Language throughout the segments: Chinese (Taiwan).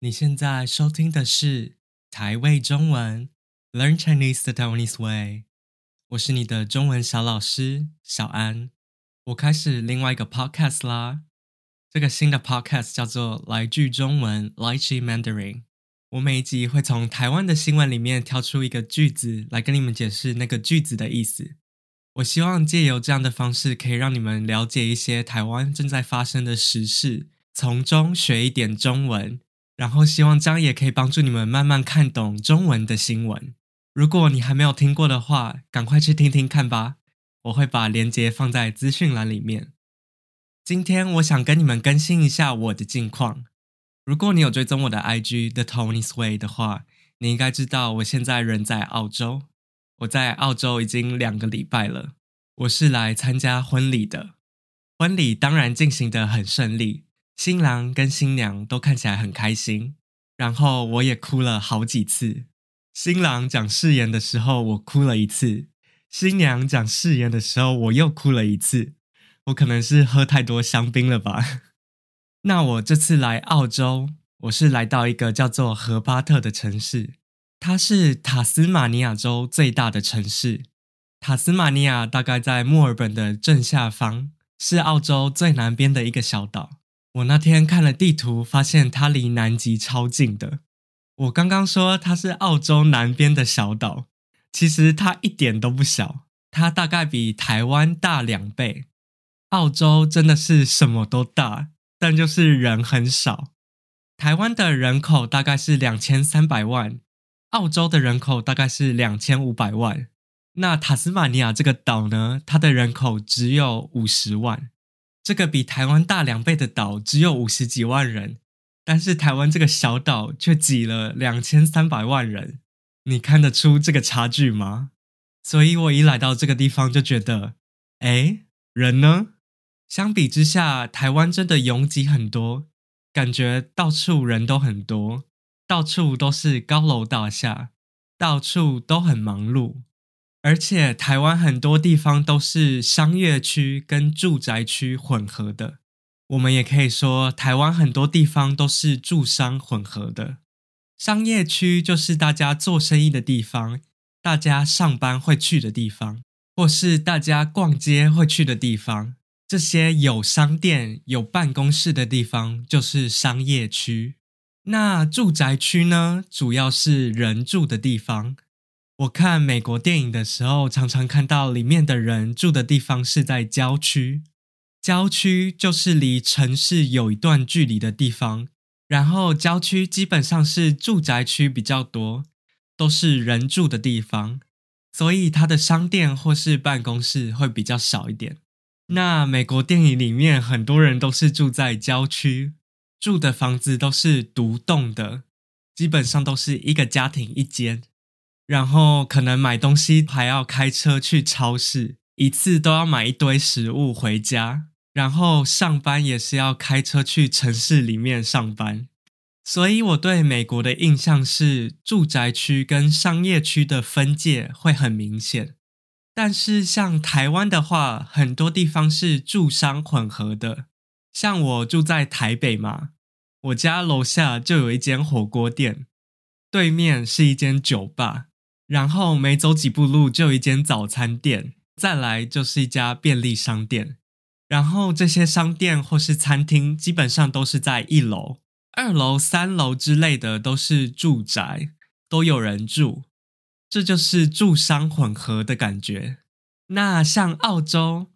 你現在收聽的是台味中文 Learn Chinese the Taiwanese Way，我是你的中文小老師小安。我開始另外一個 podcast 啦，這個新的 podcast 叫做來句中文 Lychee Mandarin。我每一集會從台灣的新聞裡面挑出一個句子來跟你們解釋那個句子的意思。我希望借由這樣的方式，可以讓你們了解一些台灣正在發生的時事，從中學一點中文。然後希望這樣也可以幫助你們慢慢看懂中文的新聞。如果你還沒有聽過的話，趕快去聽聽看吧。我會把鏈接放在資訊欄裡面。今天我想跟你們更新一下我的近況。如果你有追蹤我的 IG The Taiwanese Way 的話，你應該知道我現在人在澳洲。我在澳洲已經兩個禮拜了。我是來參加婚禮的。婚禮當然進行得很順利。新郎跟新娘都看起來很開心，然後我也哭了好幾次。新郎講誓言的時候，我哭了一次；新娘講誓言的時候，我又哭了一次。我可能是喝太多香檳了吧？ 那我這次來澳洲，我是來到一個叫做荷巴特的城市，它是塔斯馬尼亞州最大的城市。塔斯馬尼亞大概在墨爾本的正下方，是澳洲最南邊的一個小島。我那天看了地圖，發現它離南極超近的。我剛剛說它是澳洲南邊的小島，其實它一點都不小，它大概比台灣大兩倍。澳洲真的是什麼都大，但就是人很少。台灣的人口大概是兩千三百萬，澳洲的人口大概是兩千五百萬。那塔斯馬尼亞這個島呢，它的人口只有五十萬。這個比台灣大兩倍的島只有五十幾萬人，但是台灣這個小島卻擠了兩千三百萬人，你看得出這個差距嗎？所以，我一來到這個地方就覺得，哎，人呢？相比之下，台灣真的擁擠很多，感覺到處人都很多，到處都是高樓大廈，到處都很忙碌。而且台灣很多地方都是商業區跟住宅區混合的，我們也可以說台灣很多地方都是住商混合的。商業區就是大家做生意的地方，大家上班會去的地方，或是大家逛街會去的地方。這些有商店、有辦公室的地方就是商業區。那住宅區呢，主要是人住的地方。我看美國電影的時候，常常看到裡面的人住的地方是在郊區。郊區就是離城市有一段距離的地方，然後郊區基本上是住宅區比較多，都是人住的地方，所以他的商店或是辦公室會比較少一點。那美國電影裡面很多人都是住在郊區，住的房子都是獨棟的，基本上都是一個家庭一間。然後可能買東西還要開車去超市，一次都要買一堆食物回家。然後上班也是要開車去城市裡面上班。所以我對美國的印象是，住宅區跟商業區的分界會很明顯。但是像台灣的話，很多地方是住商混合的。像我住在台北嘛，我家樓下就有一間火鍋店，對面是一間酒吧。然後沒走幾步路就有一間早餐店，再來就是一家便利商店，然後這些商店或是餐廳基本上都是在一樓、二樓、三樓之類的，都是住宅，都有人住。這就是住商混合的感覺。那像澳洲，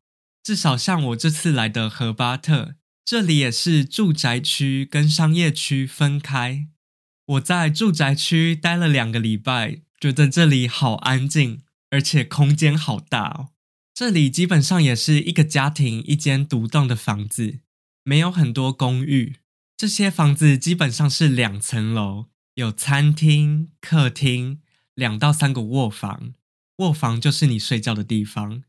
至少像我這次來的荷巴特，這裡也是住宅區跟商業區分開。我在住宅區待了兩個禮拜。覺得這裡好安靜，而且空間好大哦。這裡基本上也是一個家庭一間獨棟的房子，沒有很多公寓。這些房子基本上是兩層樓，有餐廳、客廳，兩到三個臥房。臥房就是你睡覺的地方，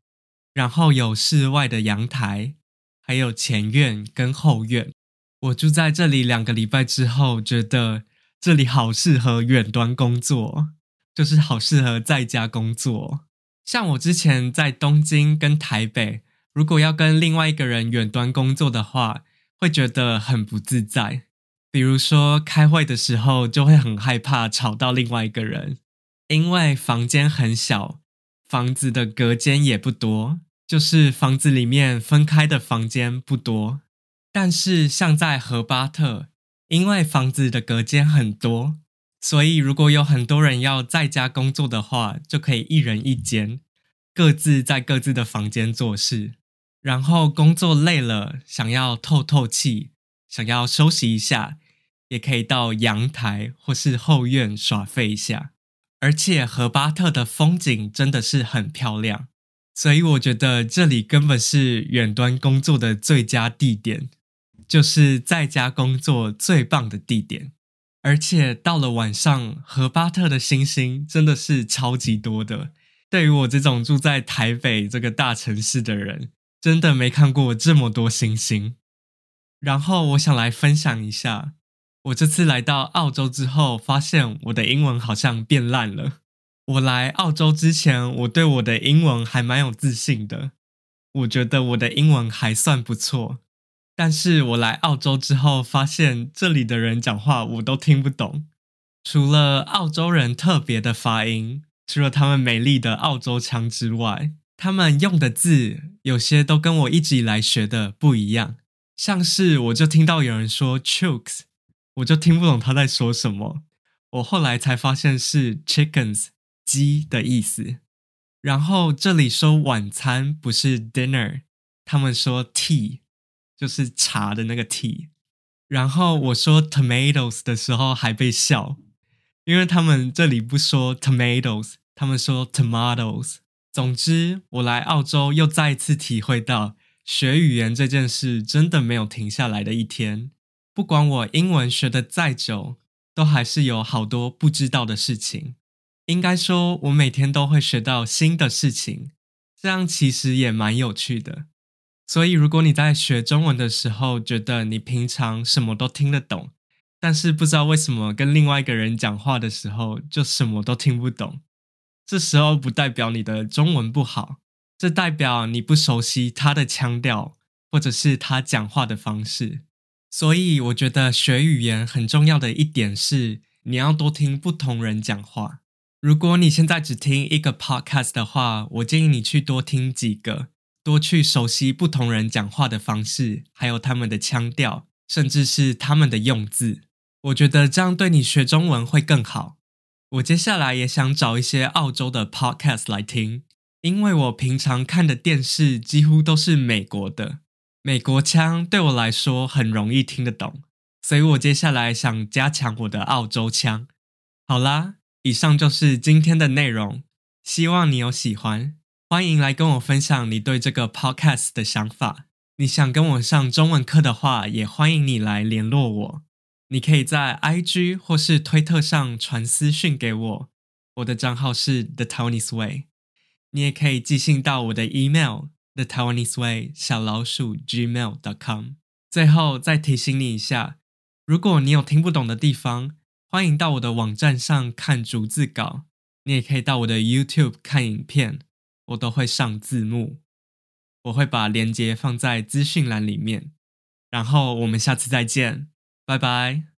然後有室外的陽台，還有前院跟後院。我住在這裡兩個禮拜之後，覺得這裡好適合遠端工作。就是好適合在家工作。像我之前在東京跟台北，如果要跟另外一個人遠端工作的話，會覺得很不自在。比如說，開會的時候，就會很害怕吵到另外一個人，因為房間很小，房子的隔間也不多，就是房子裡面分開的房間不多。但是像在荷巴特，因為房子的隔間很多。所以，如果有很多人要在家工作的話，就可以一人一間，各自在各自的房間做事。然後工作累了，想要透透氣，想要休息一下，也可以到陽台或是後院耍廢一下。而且，荷巴特的風景真的是很漂亮，所以我覺得這裡根本是遠端工作的最佳地點，就是在家工作最棒的地點。而且到了晚上，荷巴特的星星真的是超級多的。對於我這種住在台北這個大城市的人，真的沒看過這麼多星星。然後我想來分享一下，我這次來到澳洲之後，發現我的英文好像變爛了。我來澳洲之前，我對我的英文還蠻有自信的，我覺得我的英文還算不錯。但是我來澳洲之後，發現這裡的人講話我都聽不懂，除了澳洲人特別的發音，除了他們美麗的澳洲腔之外，他們用的字有些都跟我一直以來學的不一樣。像是我就聽到有人說 chooks，我就聽不懂他在說什麼。我後來才發現是 chickens，雞的意思。然後這裡說晚餐不是 dinner，他們說 tea。就是茶的那個 tea，然後我說 tomatoes 的時候還被笑，因為他們這裡不說 tomatoes，他們說 tomatoes。總之，我來澳洲又再一次體會到學語言這件事真的沒有停下來的一天。不管我英文學的再久，都還是有好多不知道的事情。應該說，我每天都會學到新的事情，這樣其實也蠻有趣的。所以，如果你在學中文的時候，覺得你平常什麼都聽得懂，但是不知道為什麼跟另外一個人講話的時候就什麼都聽不懂，這時候不代表你的中文不好，這代表你不熟悉他的腔調或者是他講話的方式。所以，我覺得學語言很重要的一點是你要多聽不同人講話。如果你現在只聽一個 podcast 的話，我建議你去多聽幾個。多去熟悉不同人講話的方式，還有他們的腔調，甚至是他們的用字。我覺得這樣對你學中文會更好。我接下來也想找一些澳洲的 podcast 來聽，因為我平常看的電視幾乎都是美國的，美國腔對我來說很容易聽得懂，所以我接下來想加強我的澳洲腔。好啦，以上就是今天的內容，希望你有喜歡。歡迎來跟我分享你對這個 podcast 的想法。你想跟我上中文課的話，也歡迎你來聯絡我。你可以在 IG 或是推特上傳私訊給我，我的賬號是 The Taiwanese Way。你也可以寄信到我的 email the Taiwanese Way 小老鼠 gmail.com。最後再提醒你一下，如果你有聽不懂的地方，歡迎到我的網站上看逐字稿，你也可以到我的 YouTube 看影片。我都會上字幕，我會把鏈接放在資訊欄裡面，然後我們下次再見，拜拜。